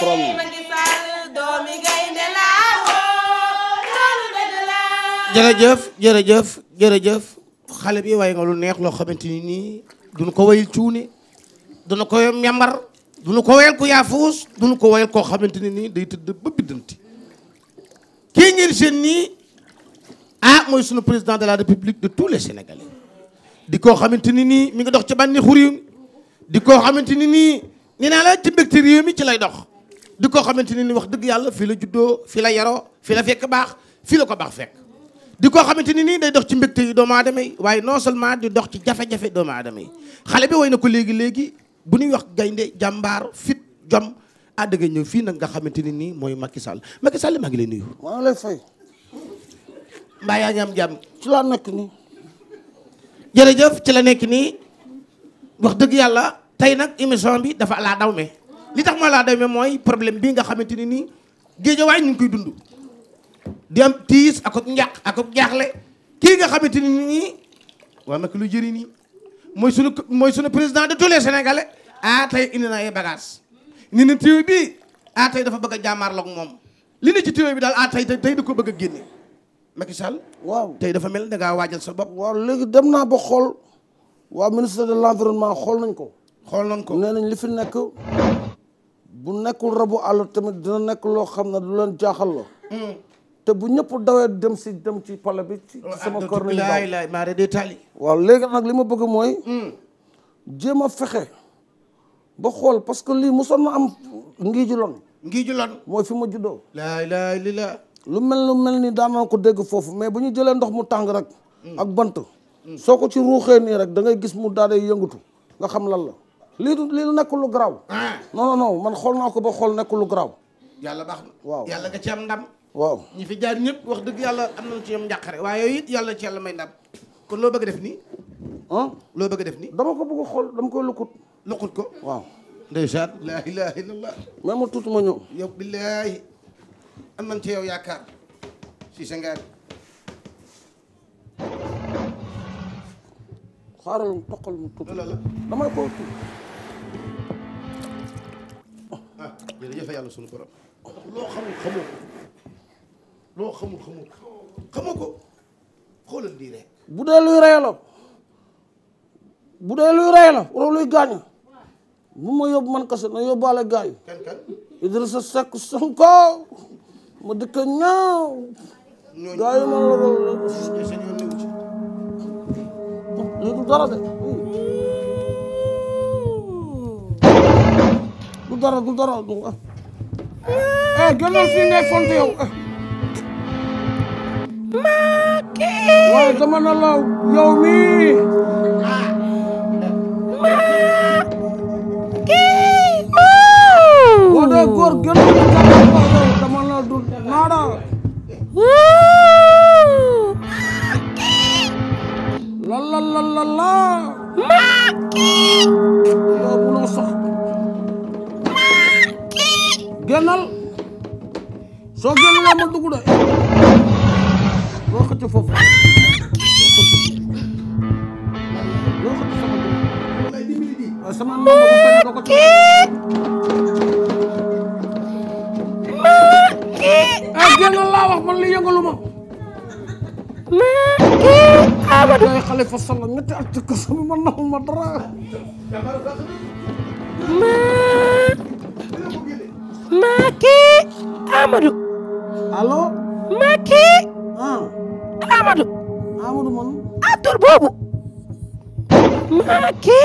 borom oh, jërëjëf jërëjëf jërëjëf xale bi way nga lu neex loo xamante ni nii duñu ko wayil cuune duñu ko wayal ñambar nu ko wayal ku yaafuus duñu ko wayal koo xamante ni nii day tëdd ba biddanti kii ngeen seen nii ah mooy sunu président de la république de tous les sénégalais di koo xamante ni nii mi ngi dox ci bànni xur di koo xamante ni nii nee naa ci mbégte mi ci lay dox di ko xamante ne ni wax dëgg yàlla fi la juddoo fi la yaroo fi la fekk baax fi la ko baax fekk di ko xamante ni nii day dox ci mbégte yi doomu aadama yi waaye non seulement di dox ci jafe-jafe doomu aadama yi xale bi way na ko léegi-léegi bu ñuy wax gaynde jàmbaar fit jom àdda nga ñëw fii nag nga xamante ni nii mooy makki Sall Macky Sall maa ngi lay nuyu maa ngi lay am jàmm ci laa nekk nii jërëjëf ci la nekk nii wax dëgg yàlla tey nag émission bi dafa laa daw li tax ma laa demee mooy problème bii nga xamante ni nii géejawaay ñu ngi koy dund di am tiis ak ak njàq ak ak jaaxle kii nga xamante ni nii waa na ko lu jëriñ nii mooy sunu mooy sunu président de tous les sénégalais ah tey indi na ay bagages ni ne téew bi ah tey dafa bëgg a jàmmaarloog moom li ne ci téew bi daal ah tey tey da ko bëgg a génne Macky sal waaw tey dafa mel da ngaa waajal sa bopp waaw léegi dem naa ba xool waa ministre de l'environnement xool nañ ko xool nañ ko nee nañ li fi nekk bu nekkul rabu àll tamit dina nekk loo xam ne du leen jaaxal la mm. te bu ñëpp dawee dem si dem ci pale bi ci sama kër nañu daw waaw léegi nag li ma bëgg mooy mm. a fexe ba xool parce que lii mosoon na am ngii ju lon ngii ju lon mooy fi ma juddoo laa lu mel lu mel ni daanaa ko dégg foofu mais bu ñu jëlee ndox mu tàng rek mm. ak bant soo ko ci ruuxee nii rek da ngay gis mu daal di yëngatu nga xam lan la lii du nekkul lu garaaw. Ah. non non man xool naa ko ba xool nekkul lu garaaw. yàlla baax na waaw yàlla nga ci am ndam. waaw ñi fi jaar ñëpp wax dëgg yàlla am na ci ñoom njàqare waaye yooyu yàlla ci yàlla may ndam kon loo bëgg def nii. loo bëgg def nii. dama ko bëgg xool dama koy lukkut. lukkut ko waaw. ndeysaan laa ilaaha illallah. même ma tuuti ma ñëw. yow billaahi am nañ ci yaw yaakaar si sa xaaral mu toqal mu tuuti. damay koo tuuti. jërëjëf yàlla sunu borom loo xamul xamoo ko loo xamul xamoo ko xamoo ko xoolal lii rek bu dee luy rey la bu dee luy rey la wala luy gaañu bu ma yóbbu man kese na yóbbaale gaañu Idrissa Seck Sonko ma dëkk ñaaw gaañu man la loolu la lii du dara de dara du dara du ah gënal fii ngay font yow Macky waaye dama na la yow mii Macky boo dee góor gënal nga jàpp ko dama na du naara la la la la la Macky gennal soo génnee ma dugg de loo xëcc foofu loo xëcc sama dugg sama ma ko ko ah gennal laa wax man li yëngalu ma Amadou Ndiaye Khalifa Sall ñetti at ci kaso bi man ma dara Macky Amadou. allo. Macky. ah. Amadou. Amadou man. ah tur boobu. Macky.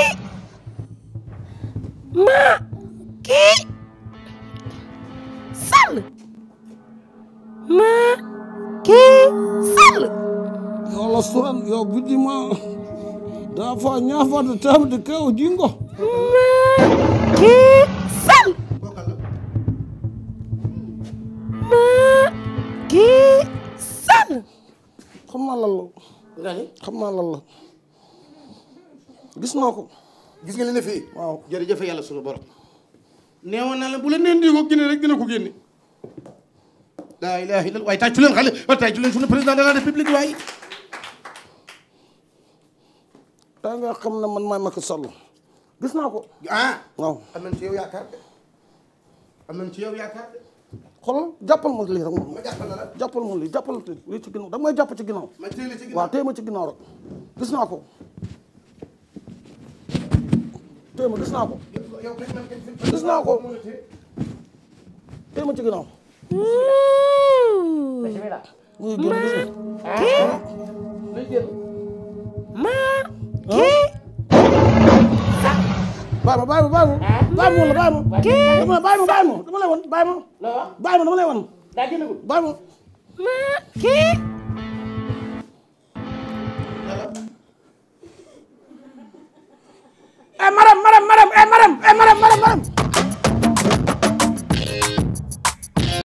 Macky. Sall. Macky Sall. yow la suran yow guddi ma daa fa ñaafa de taam de kaw jingo. Macky. naa lan la. nga ni xam naa la gis naa ko. gis nga na ne fii. waaw jërëjëf yàlla suñu borom. neewoon naa la bu la neen di ko génne rek dina ko génne. laa ilaaha illallaah waaye tàccu leen xale waaye tàccu leen suñu de la république waaye. daa nga xam ne man maay Macky Sall gis naa ko. ah waaw am nañ ci de am nañ ci yow xoolal jàppal ma lii rek moom jàppal ma lii jàppal lii ci ginnaaw da may jàpp ci ginnaaw waaw téye ma ci ginnaaw rek gis naa ko téye ma gis naa ko gis naa ko téye ma ci ginnaaw muy génn gis ma bàyyi ma bàyyi ma kii dama bàyyi ma bàyyi ma dama lay wan bàyyi ma. bàyyi ma